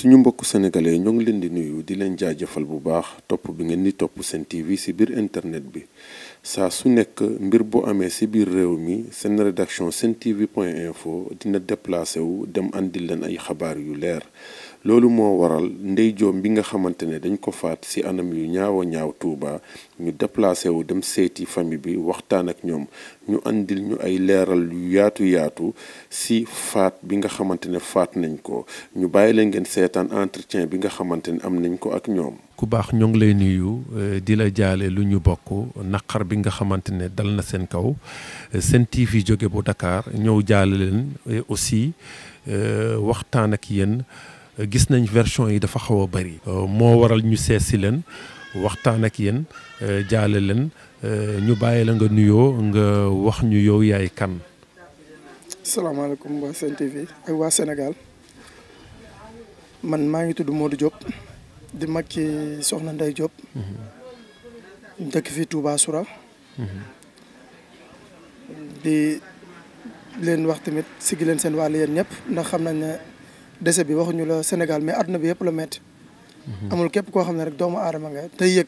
suñu mbokku sénégalais ñoo ngi leen di nuyu di leen jaajëfal bu baax topp bi ngeen di topp seen TV ci biir internet bi saa su nekk mbir bu amee ci biir réew mi seen rédaction seen TV point info dina déplacé wu dem andi leen ay xabaar yu leer. loolu moo waral ndeyjoom bi nga xamante ne dañ ko faat ci anam yu ñaawa ñaaw Touba ñu déplacé wu dem seeti famille bi waxtaan ak ñoom ñu andil ñu ay leeral yu yaatu yaatu ci faat bi nga xamante ne faat nañ ko ñu bàyyi leen ngeen seetaan entretien bi nga xamante ne am nañ ko ak ñoom. ku baax ñoo ngi lay nuyu eh, di la jaale lu ñu bokk naqar bi nga xamante ne dal na seen kaw seen TV jóge bu Dakar ñëw jaal leen eh, aussi eh, waxtaan ak yéen. gis nañ version yi dafa xaw a bëri. moo waral ñu sees si leen waxtaan ak yéen jaale leen ñu bàyyi la nga nuyoo nga wax ñu yow yaay kan. salaamaaleykum waa Sen TV ak waa Sénégal man maa ngi tudd Modou Diop di mag ci soxna Ndeye Diop. dëkk fii Touba Soura. di leen wax tamit sigi leen seen wàll yéen ñëpp ndax xam nañ ne. dese bi waxuñu la Sénégal mais àdduna bi yëpp la métti. amul képp koo xam ne rek doomu aadama nga mhm. te yëg.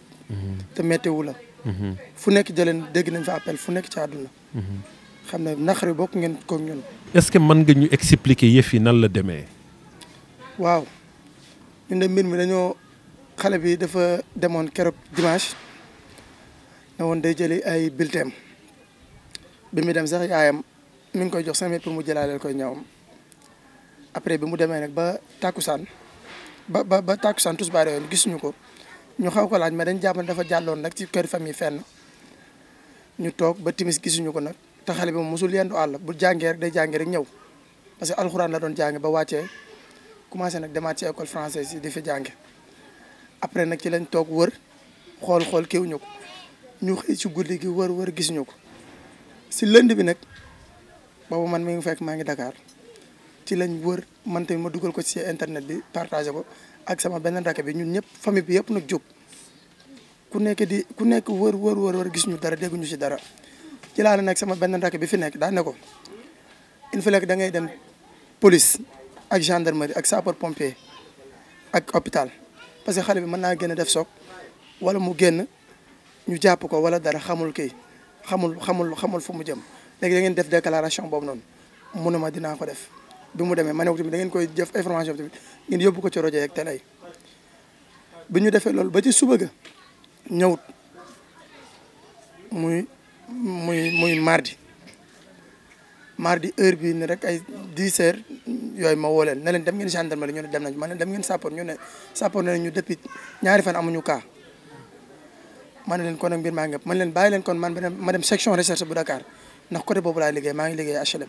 te méttiwu la. Mhm. fu nekk jëleen dégg nañ fa appel fu nekk ci àdduna. Mhm. xam ne naqari bokk ngeen ko ñun. est-ce que mën nga ñu expliquer yëf yi nan la demee. waaw ñun de mbir mi dañoo xale bi dafa demoon keroog dimanche ne woon day jëli ay bulletins bi mu dem sax yaayam mi ngi koy jox 5000 pour mu jëlaaleel koy ñawam. après bi mu démé nak ba takusan ba ba ba bari tusbaar gis ñu ko ñu xaw ko laaj ma dañ jappal dafa jallon nak ci kër fami fenn ñu tok ba timis ñu ko nak ta xalé bi moom don yendu Allah bu jangé rek day jangé rek ñew parce que alcorane la doon jangé ba waccé commencé nak déma ci école française di fi jangé après nak ci lañ tok wër xol xool kiwuñu ko ñu xey ci gulli gi wër wër gisuñu ko ci lënd bi nak man mi ngi fekk ma ngi Dakar ci lañ wër man tamit ma dugal ko ci internet bi partagé ko ak sama benn rakk bi ñun ñëpp famille bi yëpp nag jóg ku nekk di ku nekk wër wër wër wër gis ñu dara dégguñu si dara ci laa nag sama benn rakk bi fi nekk daa ne ko il faut que da ngay dem police ak gendarmerie ak sapeur ak hôpital parce que xale bi mën naa génn def soog wala mu génn ñu jàpp ko wala dara xamul kii xamul xamul xamul fu mu jëm léegi da ngeen def déclaration boobu noonu ma dinaa ko def. du mu demee ma ne ko tamit da ngeen koy jëf information bi tamit ngeen yóbbu ko ci rajo yeeg télé yi bi ñu defee loolu ba ci suba ga ñëwut muy muy muy mardi mardi heure bi ne rek ay 10 heures yooyu ma woo leen ne leen dem ngeen gendarmerie ñu ne dem nañ ma ne dem ngeen sapeur ñu ne sapeur ne ñu depuis ñaari fan amuñu cas ma ne leen kon nag mbir maa ngi man leen bàyyi leen kon man section recherche bu Dakar ndax côté boobu laay liggéey maa ngi a HLM.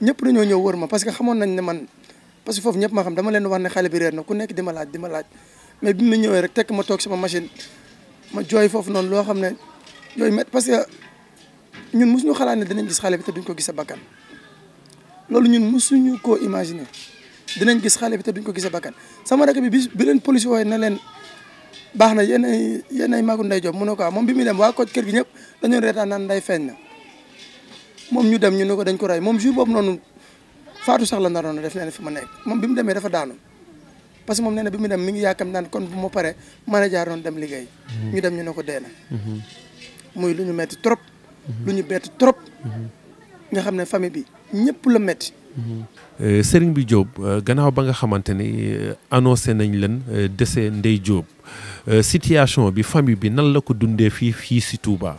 ñepp dañu ñëw wër ma parce que xamoon nañ ne man parce que fofu ñepp ma xam dama leen wax ne xalé bi réer na ku nekk di ma laaj di ma laaj mais bi mu rek tek ma tok sama machine ma joy fofu non lo xamne joy met parce que ñun musuñu xalaat ne dinañ gis xalé bi te duñ ko gisse bakkan lolu ñun musuñu ko imaginer dinañ gis xalé bi te duñ ko gisse bakkan sama rek bi bi bi leen police way na leen baxna na yéen ay yéen ay job mu ko ah bi mi dem wa ko kër gi ñëpp dañu reetaan nan nday moom ñu dem ñu ne ko dañ ko rey moom jour boobu noonu faatu sax la naroon na def nee na fi ma nekk moom bi mu demee dafa daanu parce que moom nee na bi mu dem mi ngi yaakam naan kon bu ma paree mën a jaar dem liggéey. Mhm. ñu dem ñu ne ko dee na. Mhm. muy lu ñu metti trop. Mhm. lu ñu bett trop. nga xam ne famille bi ñëpp la metti euh, Serigne bi jóob euh, gannaaw ba nga xamante ni euh, annoncé nañ leen dese Ndeye Diop situation bi famille bi nan la ko dundee fii fii si Touba.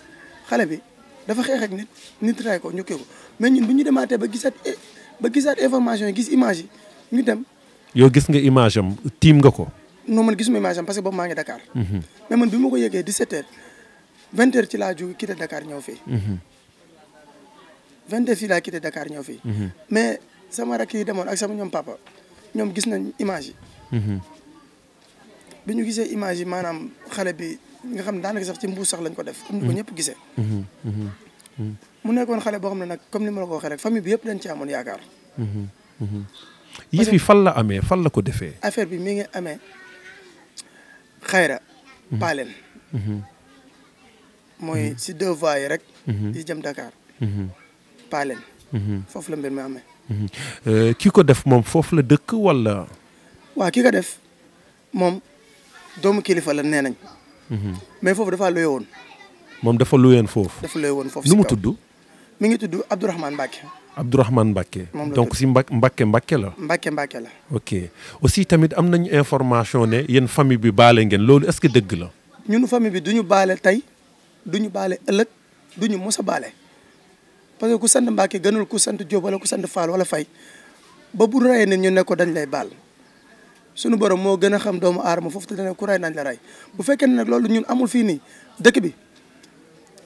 xale bi dafa xeex ak nit nit ray ko ñu kii ko mais ñun bu ñu demaatee ba gisaat ba gisaat information yi gis image yi ñu dem. yow gis nga image am tiim nga ko. non man gisuma image am parce que maa ngi Dakar. Mhm. man bi ma ko yëgee 17h 20h ci laa jóg quitté Dakar ñëw fii. 20h mhm. ci laa quitté Dakar ñëw fii. Mhm. mais sama rakk yi demoon ak sama ñoom papa ñoom gis nañ image yi. bi ñu gisee image yi maanaam xale bi nga xam ne daanaka sax ci mbuus sax lañ ko def. comme ni gisee. mu nekkoon xale boo xam ne nag comme ni ma la ko waxee rek famille bi yëpp dañ ci amoon yaakaar. yëf yi fan la amee fan la ko defee. affaire bi mi ngi amee xayra. paaleen. mooy si deux yi rek. di jëm Dakar. paaleen. foofu la mbir mi amee. Euh, kii ko def moom foofu la dëkk wala. waa kii ko def moom doomu kilifa la nee nañ. Mhm. mais foofu dafa luye woon. moom dafa luween foofu. dafa woon foofu nu mu tudd. mi ngi tudd Abdourahmane Mbacke. Abdourahmane Mbacke. donc si Mbacke Mbacke Mbacke la. Mbacke Mbacke la. ok aussi tamit am nañu information ne yéen famille bi baale ngeen loolu est-ce que dëgg la. ñun famille bi du ñu baale tey du ñu baale ëllëg du ñu mos baale parce ku sant Mbacke gënul ku sant Diop wala ku sant Fall wala Fay ba bu rayee ne ñu ne dañ lay baal suñu borom moo gën a xam doomu aadama foofu te dana ku ray nañ la ray bu fekkee ne nag loolu ñun amul fii nii dëkk bi.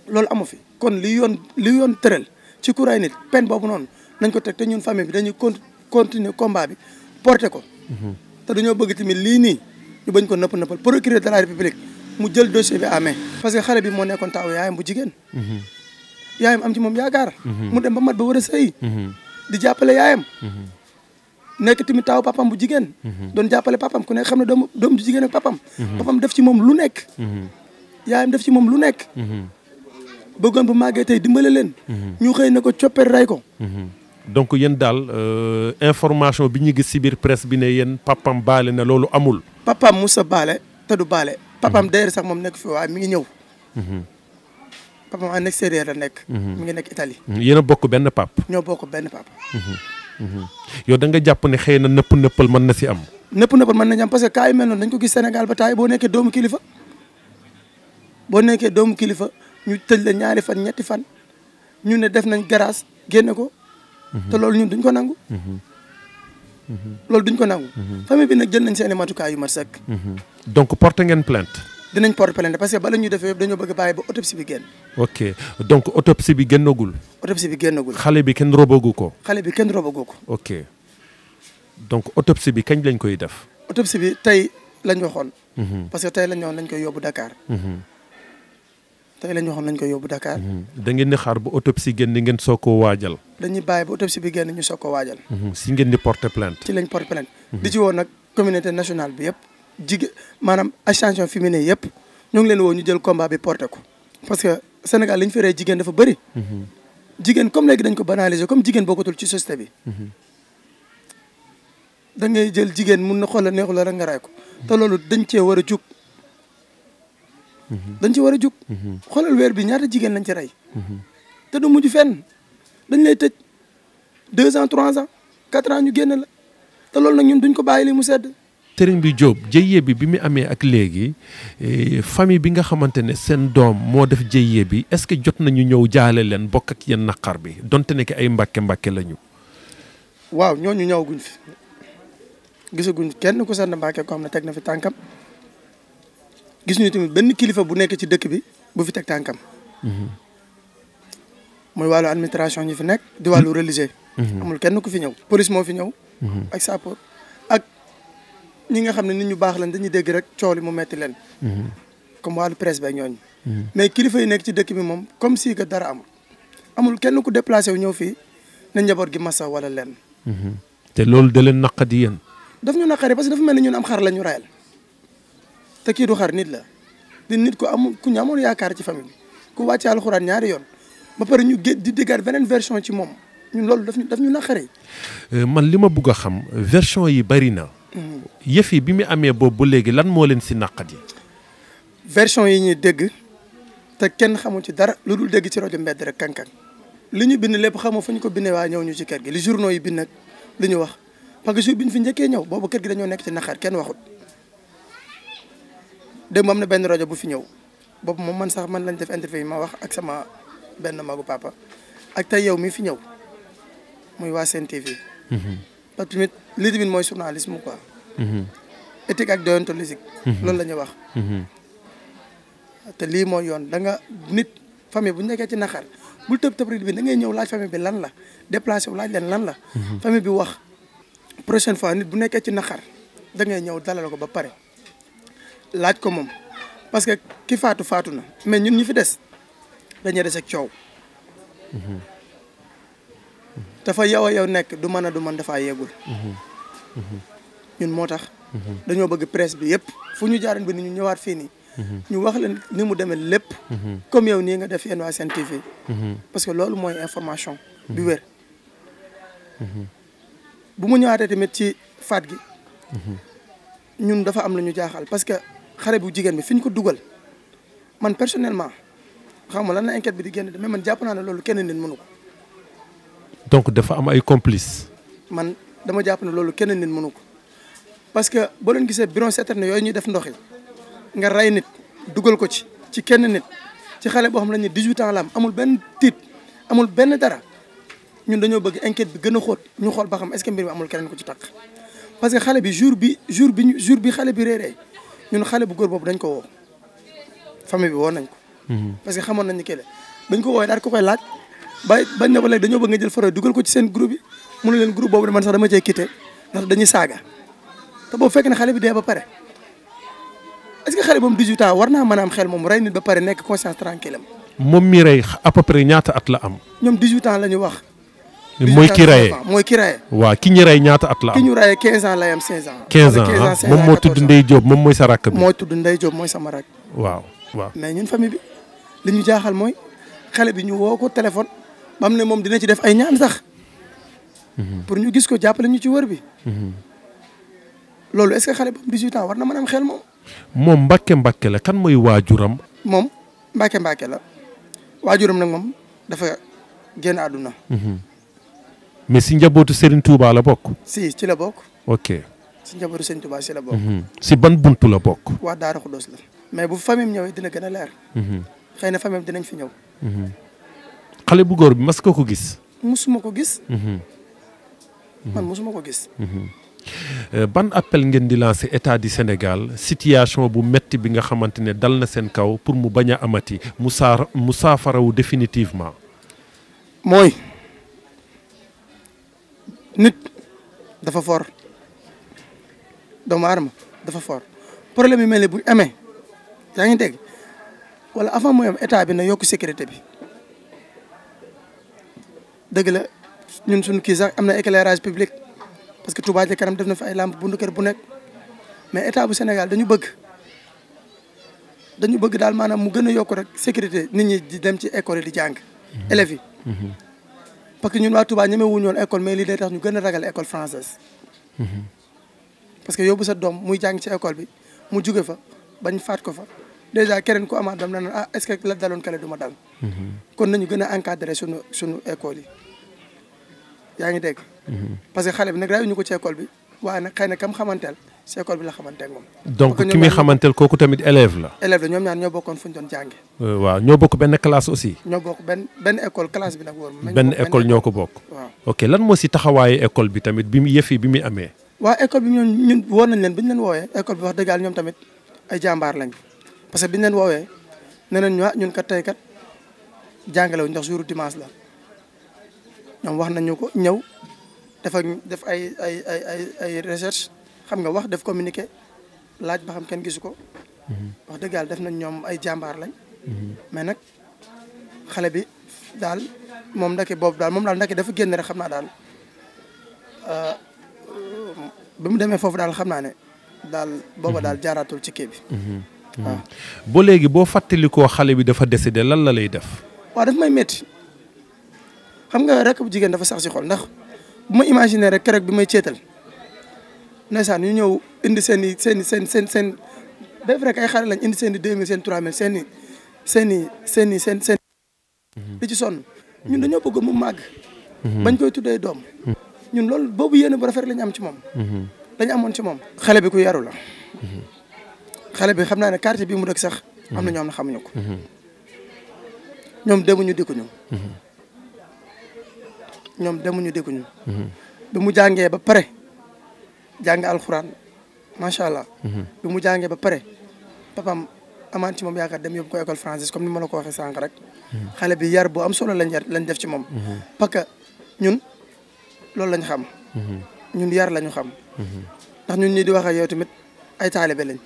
loolu amu fi kon li yoon li yoon tëral ci kuray nit peine boobu noonu nañ ko teg te ñun famille bi dañuy con continuer combat bi porter ko. Mhm. te dañoo bëgg tamit lii nii ñu bañ ko nëpp nëppal procureur de la mu jël dossier bi amee main. parce que xale bi moo nekkoon taaw yaayam bu jigéen. Mhm. yaayam am ci moom yaakaar. Mhm. mu dem ba mat ba war a sëyi. di jàppale yaayam. nekk tamit taaw papam bu jigéen. doon jàppale papam ku ne xam ne doomu doomu jigéen ak papam. papam def ci moom lu nekk. yaayam def ci moom lu nekk. bëggoon bu màggee tey dimbale leen. Mhm. ñu xëy na ko coppet ray ko. Mhm. donc yéen daal euh, information bi ñu gis si biir presse bi ne yéen papam baale na loolu amul. papam sa baale te du baale. papam mhm. d'ailleurs sax moom nekk fi waaye mi ngi ñëw. papam en extérieur la nekk. mu ngi nekk Italie. yéen bokk benn pap. ñoo bokk benn pap. yow da nga jàpp ne xëy na nëpp nëppal mën na si am. nëpp nëppal mën na si am parce que cas mel noonu dañ ko gis Sénégal ba taay boo nekkee doomu kilifa nekkee doomu kilifa. ñu tëj la ñaari fan ñetti fan ñu ne def nañ grâce génne ko. Mhm. te loolu ñun duñ ko nangu. Mhm. Mhm. lool duñ ko nangu. famille bi ne jën nañ seen i matukaay yu mat sëkk. donc porte ngeen plainte. dinañ porte plainte parce que bala ñu defee yëpp dañoo bëgg bàyyi ba autopsie bi génn. ok donc autopsie bi génnagul. autopsie bi génnagul. xale bi kenn robagu ko. xale bi kenn robagu ko. ok donc autopsie bi kañ lañ koy def. autopsie bi tey lañ waxoon. parce que tey lañ waxoon lañ koy yóbbu dakaar tey la ñu waxoon lañ koy yóbbu Dakar. Mhm. da di xaar ba autopsie génn ngeen soog koo waajal. dañuy bàyyi ba autopsie bi génn ñu soog koo waajal. Mhm. si ngeen di porter plainte. Mhm. di ci woo nag communauté nationale bi yëpp jigéen maanaam association féminine yëpp ñu ngi leen woo ñu jël combat bi porter ko parce Sénégal li ñu jigéen dafa bëri. jigéen comme léegi ko banaliser comme jigéen bokkatul ci société bi. da ngay jël jigéen mun na xoolal neexul rek te loolu dañ cee war a jug Mm-hmm. dañ ci war a jóg. Mm-hmm. xoolal weer bi ñaata jigéen lañ ci rey. Mm-hmm. te du mujj fenn dañ lay tëj deux ans trois ans quatre ñu génn la te loolu nag ñun duñ ko bàyyi li mu sedd. sëriñ bi jóob jëyee bi bi mu amee ak léegi eh, famille bi nga xamante ne seen doom moo def jëyee bi est-ce que jot nañu ñëw jaale leen bokk ak yéen naqar bi donte ne ki ay mbàkke mbàkke lañu. waaw ñooñu ñëwaguñ fi gisaguñ kenn ku seen mbàkke ko xam ne teg na fi tànkam. gis ñu tamit benn kilifa bu nekk ci dëkk bi bu fi teg tànkam. Mhm. mooy wàllu administration ñi fi nekk di wàllu mhm. religieux. Mhm. amul kenn ku fi ñëw police moo fi ñëw. ak sapeur ak ñi nga xam ne nit ñu baax lañ dañuy dégg rek coow li mu metti leen. comme wàllu presse beeg ñooñu. mais kilifa yi nekk ci dëkk bi moom comme si que dara amul. amul kenn ku déplacé wu ñëw fii na njaboot gi massa wala lenn. te loolu da leen naqadi yéen. daf ñu naqari parce que dafa mel ni ñun am xar la ñu rayal. te kii du xar nit la di nit ku amul ku ñu amoon yaakaar ci famille ku wàcce alxuraan ñaari yoon ba pare ñu gé di déggaat beneen version ci moom loolu daf ñu daf ñu naqare. Euh, man li ma bugg a xam version yi bari na. Mm-hmm. yëf bi mu amee boobu ba léegi lan moo leen si naqat yi. version yi ñuy dégg te kenn xamul ci dara lu dul dégg ci rajo mbedd rek kankan li ñu bind lépp xamoo fu ñu ko bindee waa ñëw ñu ci kër gi li journaux yi bind nag li ñu wax parce que jour bi ñu fi njëkkee ñëw boobu kër gi dañoo nekk ci naqar kenn waxut. démb am na benn rajo bu fi ñew bop mom man sax man lañ def interview ma wax ak sama ben magu papa ak tay yow mi fi ñew muy wa Sen TV. Mhm. parce que tamit lii tamit mooy journalisme quoi. hmm éthique ak déontologique. Mhm. loolu la ñuy hmm te li mo yoon da nga nit famille bu ñu nekkee ci naxar bu tëb tëb bi da ngay ñew laaj famille bi lan la déplacer wu laaj len lan la. Mhm. famille bi wax prochaine fois nit bu nekkee ci naxar da ngay ñew dalal ko ba paré hmm laaj ko moom parce que ki faatu faatu na mais ñun ñu fi des dañuy des ak coow. dafa yow a yow nekk du mën a du man dafaa yeegul. ñun moo tax. dañoo bëgg presse bi yëpp fu ñu jaaroon bi ni ñu ñëwaat fii nii. ñu wax leen ni mu demee lépp. comme yow nii nga def yéen waa Sen TV. parce que loolu mooy information. bi wér. bu mu ñëwaatee tamit ci faat gi. ñun dafa am lu ñu jaaxal Je bu bi ko man personnellement je lan la enquête bi di genn mais man donc dafa am ay complices. man dama japp na lolu kenn nit mënu parce que bo leen gisee biron citerne yoy ñu def ndox nga ray nit duggal ko ci ci kenn nit ci xalé bo xam lañ ni 18 ans lam amul ben titre amul ben dara ñun bëgg enquête bi gëna a ñu xol ba xam est-ce mbir amul keneen ko ci parce que xalé bi jour bi jour bi jour bi xalé ñun xale bu gor boobu dañ ko woo famille bi woo nañ ko. Mhm. parce que xamoon nañ ni kele bañ ko woowee daal ko koy laaj ba bañ ne ko léegi dañoo bëgg nga jël faro dugal ko ci seen group yi mu ne leen groupe boobu man sax dama cee quitté ndax dañuy saaga te boobu fekk na xale bi dee ba pare. est-ce que xale boobu 18 ans war naa man a am xel moom rey nit ba pare nekk conscience tranquille am. moom mi rey à peu près ñaata at la am. ñoom 18 ans la ñu wax. mooy ki rayee mooy ki waaw ki ñu rey ñaata at la am ki ñu rayee 15 ans lay am 15 ans. 15 ans ah. moom moo tudd Ndeye Diop moom mooy sa rakk bi. mooy sama rakk. waaw waaw. mais ñun famille bi li ñu jaaxal mooy xale bi ñu woo ko téléphone ba mu ne moom dina ci def ay ñaan sax. Mhm. pour ñu gis ko jàppale ñu ci wër bi. Mhm. loolu est que xale bu am 18 war na mën am xel moom. moom Mbacke Mbacke la kan mooy waajuram. moom Mbacke Mbacke la waajuram nag moom dafa génn àdduna. Mhm. mais si njabootu Serigne Touba la bokk. si ci la bokk. si njabootu Serigne Touba si mhm. si ban buntu la bokk. waa Daara Khoudoss la. mais bu famille ñëwee dina gën a leer. Mhm. xëy na famille dinañ fi ñëw. Mhm. xale bu góor bi ma ko ko gis. musuma ko gis. man musuma ko gis. Euh, ban appel ngeen di lancé état du Sénégal situation bu metti bi nga xamante ne dal na seen kaw pour mu bañ a amati mu saar mu saafarawu définitivement. mooy. nit dafa for doomu aadama dafa for problème yu mel ne bu amee yaa ngi dégg wala avant mooy am état bi na yokk sécurité bi dëgg la ñun sun kii sax am na éclairage public parce que Touba Ca Kanam def na fa ay làmp bundu kër bu nekk mais état bu Sénégal dañu bëgg dañu bëgg daal maanaam mu gën a yokk rek sécurité nit ñi di dem ci école di jàng mhm. élèves yi mhm. parce que ñun waa Touba ñeme wuñu woon école mais lii day tax ñu gën a ragal école française parce que yóbbu sa doom muy jàng ci école bi mu jóge fa bañ faat ko fa déjà keneen ku amaat dam na ah est-ce que la daloon kale du ma dal kon nañu gën a encadré suñu sunu école yi yaa ngi dégg mhm. parce que xale bi nag ñu ko ci école bi waaye nag xëy na kam xamanteel si école bi la xamante ak moom. donc ki muy xamanteel kooku tamit élève la. élève la ñoom ñaar ñoo bokkoon fu ñu doon jànge euh, waaw ñoo bokk benn classe aussi. ñoo bokk benn école bi nag ñoo ko bokk. waaw ok lan moo si taxawaayu école bi tamit bi mu yëf yi bi mu amee. waaw école bi ñun ñun woon nañ leen bi leen woowee école bi wax dëgg yàlla ñoom tamit ay jàmbaar lañ parce que bi ñu leen woowee nee nañ ñun kat tey kat jàngale wu ndax jour dimanche la ñoom wax nañu ko ñëw def ak def ay ay ay ay ay recherche xam nga wax def communiqué laaj ba xam kenn gisu ko. Mm-hmm. wax dëgg yàlla def nañ ñoom ay jàmbaar lañ. Mm-hmm. mais nag xale bi daal moom ndake boobu daal moom daal ndake dafa génn rek xam naa daal euh, bi mu demee foofu daal xam naa ne daal booba daal mm-hmm. jaaraatul ci kii bi. waaw boo léegi boo fàttalikoo xale bi dafa décédé lan la lay def. waa def may metti xam nga rek bu jigéen dafa sax si xol ndax bu ma imaginer rek keroog bi may céetal ndeysaan ñu ñëw indi seen i seen i seen seen seen day vrai que ay lañ indi seen i deux mille seen trois seen i seen i seen i seen mhm. di ci sonn ñun dañoo bëgg mu màgg mhm. bañ koy tuddee doom mhm. ñun loolu boobu yéene bu rafet la ñu am ci moom dañu amoon ci moom xale bi ku yaru la xale bi xam naa ne quartier bi mu dëkk sax am na ñoom na xamuñu ko ñoom demuñu dikkuñu ñoom demuñu dikkuñu bi mu jàngee ba pare jàng alxuraan macha allah. Mhm. bi mu jàngee ba pare papam amaan ci moom yaakaar dem yóbbu ko école française comme ni ma la ko waxee sànq rek. Mhm. xale bi yar boo am solo lañ yar lañ def ci moom. Mhm. parce que ñun loolu lañ xam. ñun yar lañu xam. ndax ñun ñii di wax ak yow tamit ay taalibe lañ.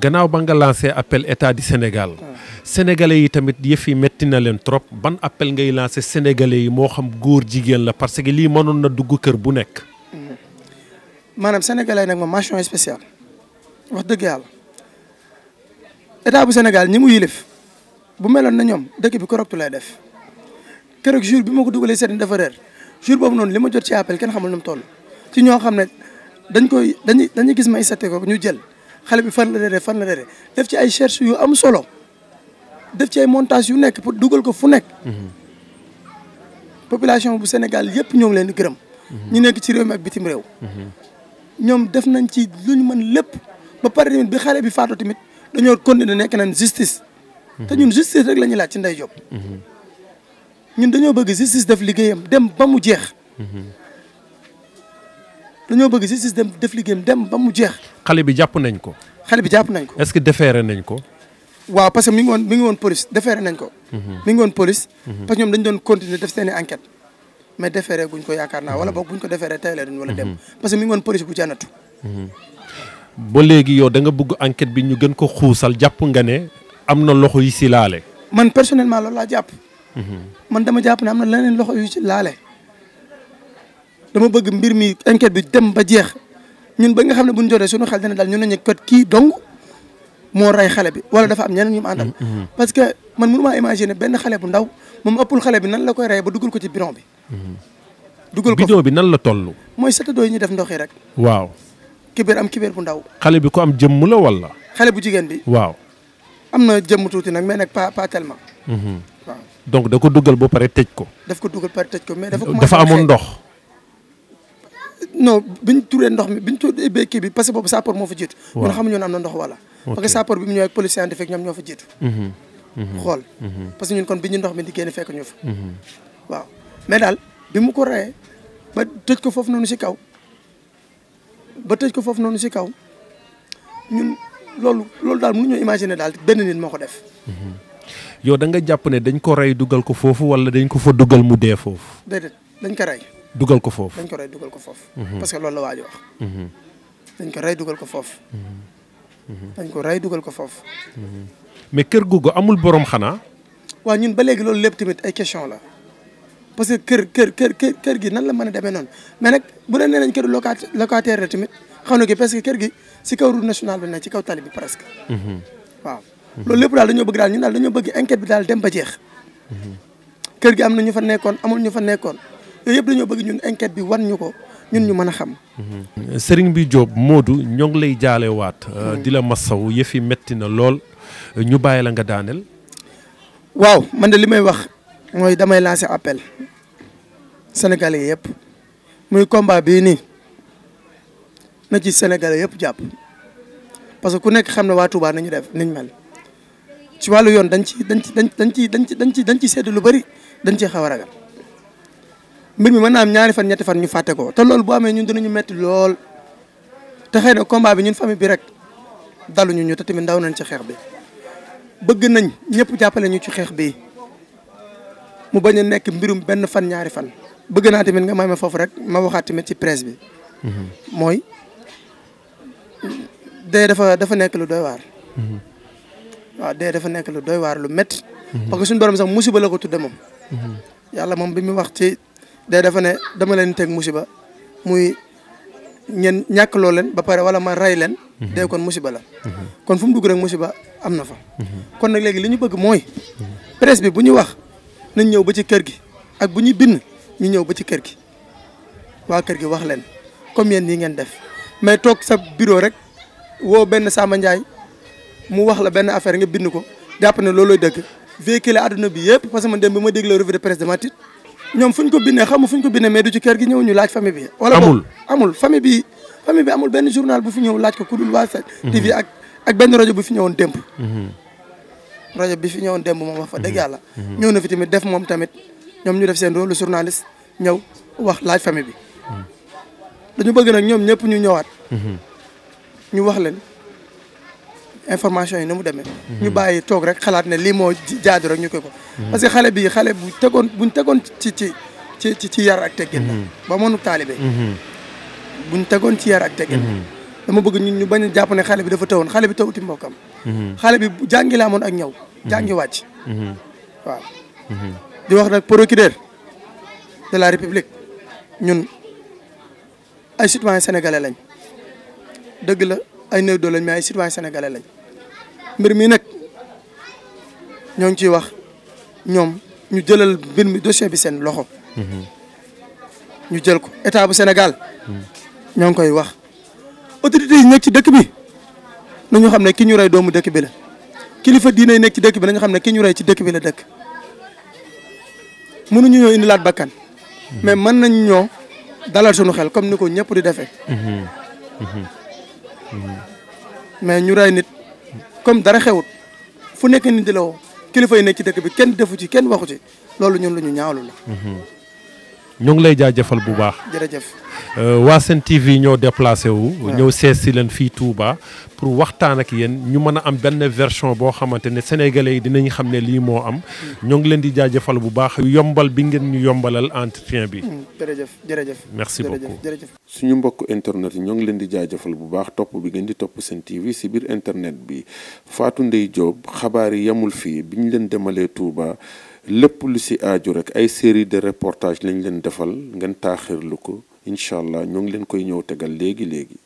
gannaaw ba nga lancé appel état di Sénégal. Ah. sénégalais yi tamit yëf yi métti na leen trop ban appel ngay lancé sénégalais yi moo xam góor jigéen la parce que lii mënoon na dugg kër bu nekk. maanaam sénégalais nag moom mention spéciale wax dëgg yàlla état bu Sénégal ñi mu yilif bu meloon na ñoom dëkk bi corrupte lay def keroog jour bi ma ko dugalee seetlu dafa réer jour boobu noonu li ma jot ci appel kenn xamul nu mu toll ci ñoo xam ne dañ koy dañuy dañuy gis ma isate ko ñu jël xale bi fan la réeree fan la réeree def ci ay cherche yu am solo def ci ay montage yu nekk pour dugal ko fu nekk. Mm-hmm. bu Sénégal yëpp ñoo ngi leen di gërëm. Mm-hmm. ñu nekk ci réew mi ak bitim réew. Mm-hmm. ñoom def nañ ci lu ñu mën lépp ba pare tamit bi xale bi faatu tamit dañoo continuer nekk nañ justice. te ñun justice rek la ñuy laaj ci Ndeye Diop. ñun dañoo bëgg justice def liggéeyam dem ba mu jeex. dañoo bëgg justice dem def liggéeyam dem ba mu jeex. xale bi jàpp nañ ko. xale bi jàpp nañ ko. est-ce que déféré nañ ko. waaw parce que mi ngi woon mi ngi woon police déféré nañ ko. Mhm. mi ngi woon police. Mhm. parce ñoom dañ doon continuer def seen i mais defeere guñ ko yakarna wala mhm. bok buñ ko defeere tey duñ wala dem mhm. parce que mi ngone police bu janatu mhm. bo léegi yow da nga bëgg enquête bi ñu gën ko xuusal japp nga ne amna loxo yu si man personnellement loolu la jàpp man dama japp ne amna leneen loxo yi ci laale dama bëgg mbir mi enquête bi dem ba jeex ñun ba nga xam buñ jotté suñu xel dana dal ñu ki dong mo ray xalé bi wala dafa am ñeneen ñu andal parce que man mënuma imaginer ben xalé bu ndaw mom ëppul xalé bi nan la koy ray ba duggal ko ci bureau bi dugal ko bidon bi nan la toll. mooy satadoo yi ñu def ndox rek. waaw. kibéer am kibéer bu ndaw. xale bi ko am jëmm la wala. xale bu jigéen bi. waaw. am na jëmm tuuti nag mais nag pas pas tellement. Mhm. waaw donc da ko dugal ba pare tëj ko. daf ko dugal ba pare tëj ko mais dafa. dafa amoon ndox. non bi ñu turee ndox mi bi ñu turee kii bi parce que boobu sapeur moo fa jiitu. waaw ñun xamuñu am na ndox wala. parce que bi mu ñëwee ak police scientifique ñoom mhm. Mhm. fekk ñu fa. waaw. mais daal bi mu ko reyee ba tëj ko foofu noonu si kaw ba tëj ko foofu noonu si kaw ñun loolu daal daal mënuñoo imaginer daal benn nit moo ko def. Mm-hmm. yow da nga jàpp ne dañ ko rey dugal ko foofu wala dañ ko fa dugal mu dee foofu. déedéet dañ ko rey. dugal ko foofu dañ ko rey dugal ko foofu. Mm-hmm. parce que loolu la waa ji wax. Mm-hmm. dañ ko rey dugal ko foofu. dañ ko rey dugal ko foofu. mais kër googu amul boroom xanaa. waaw ñun ba léegi loolu lépp tamit ay question la. parce que kër kër kër kër kër gi nan la mën a demee noonu mais nag bu dee nee nañ kër locataire la tamit xaw na ki parce que kër gi si kaw route bi ne ci kaw tali bi presque mm-hmm. waaw loolu lépp daal dañoo bëgg daal ñun daal dañoo bëgg enquête bi daal dem ba mm-hmm. kër gi am na ñu fa nekkoon amul ñu fa nekkoon yëpp dañoo bëgg ñun enquête bi wan ñu ko ñun ñu mën a xam mm-hmm. sëriñ bi Diop Modou ñoo ngi lay jaalewaat euh, di la masaw yëf metti na lool ñu bàyyi la nga daaneel waaw man li may wax mooy damay lancer appel sénégalais yépp muy combat bi ni na ci sénégalais yépp japp parce que ku nek xamna wa Touba nañu def niñ mel ci walu yoon dañ ci dañ ci dañ ci dañ ci dañ ci dañ lu bari dañ ci mbir mi manam ñaari fan ñetti fan ñu faté ko té lool bu amé ñun dinañu metti lool té xëy na combat bi ñun fami bi rek dalu ñu té timi ndaw nañ ci xeex bi bëgg nañ ñëpp jappalé ñu ci bi mu baña nek mbirum ben fan ñaari fan bëgg na tamit nga may ma fofu rek ma waxat tamit ci presse bi. moy mhm. day dafa dafa nek lu doy war, mhm. wa day dafa nek lu doy war lu met, mhm. parce que suñu borom sax musiba la ko tudde moom. yalla mom bi mi wax ci day dafa ne dama leen tek musiba muy ñen ñak lo leen ba pare wala ma ray leen. day kon musiba la. kon fu mu dugg rek musiba am fa. kon nak léegi liñu bëgg moy presse bi buñu wax nañ ñew ba ci kër gi ak buñu bind ñu ñëw ba ci kër gi waa kër gi wax leen comme yéen ñi ngeen def mais toog sa bureau rek woo benn Samba Ndiaye mu wax la benn affaire nga bind ko jàpp ne loolooy dëgg véhiculé àdduna bi yëpp parce que man dem bi ma revue de presse dama tiit ñoom fu ko xamu ko mais du ci kër gi ñu laaj famille bi. wala amul amul famille bi famille bi amul benn journal bu fi ñëw laaj ko ku dul TV mhm. ak ak raja rajo bu fi ñëwoon démb. Mhm. rajo bi fi ñëwoon démb moom wax fa dëgg mhm. yàlla. ñëw na fi tamit def moom tamit ñoom ñu def seen rôle journaliste ñëw wax laaj famille bi. dañu bëgg nag ñoom ñëpp ñu ñëwaat. ñu wax leen information yi na mu demee. ñu mhm. bàyyi toog rek xalaat ne lii moo jaadu rek ñu koy ko. Mhm. parce que xale bii xale bu tegoon buñ tegoon ci ci ci ci yar ak teggin la. Mhm. ba mënu taalibe. buñ tegoon ci yar ak teggin la. dama bëgg ñun ñu bañ a jàpp ne xale bi dafa tawoon xale bi tawuti mbokkam. xale bi jàngi laa moon ak ñëw. jàngi wàcc. waaw. di wax nag procureur de la république ñun ay citoyens sénégalais lañ dëgg la ay néew doole lañ mais ay citoyens sénégalais lañ mbir mi nag ñoo ngi ciy wax ñoom ñu jëlal mbir mi dossier bi seen loxo. Mhm. ñu jël ko état bu senegal mhm. ñoo ngi koy wax autorités yi nekk ci dëkk bi nañu xam ne ki ñu rey doomu dëkk bi la kilifa diine yi nekk ci dëkk bi nañu xam ne ki ñu rey ci dëkk bi la dëkk. mënuñu ñoo indilaat bakkan. mais mën nañ ñoo dalal suñu xel comme ni ko ñëpp di defee. mais ñu rey nit comme dara xewut fu nekk nit di la woo kilifa yi nekk ci dëkk bi kenn defu ci kenn waxu ci loolu ñun lu ñu ñaawlu la. ñoo ngi lay jaajëfal bu baax. jërëjëf. Euh, waa Sen TV ñoo déplacé wu. ñëw sees si leen fii Touba. pour waxtaan ak yéen ñu mën a am benn version boo xamante ne sénégalais yi dinañ xam ne lii moo am. Mm. ñoo ngi leen di jaajëfal bu baax yombal bi ngeen ñu yombalal entretien bi. Mm, jërëjëf jërëjëf. merci beaucoup suñu mbokk internet yi ñoo ngi leen di jaajëfal bu baax topp bi ngeen di topp Sen TV si biir internet bi Fatou Ndeye Diop xabaar yi yamul fii bi ñu leen demalee Touba. lépp lu si aaju rek ay série de reportage lañ leen defal ngeen taaxirlu ko incha allah ñoo ngi leen koy ñëw tegal léegi léegi.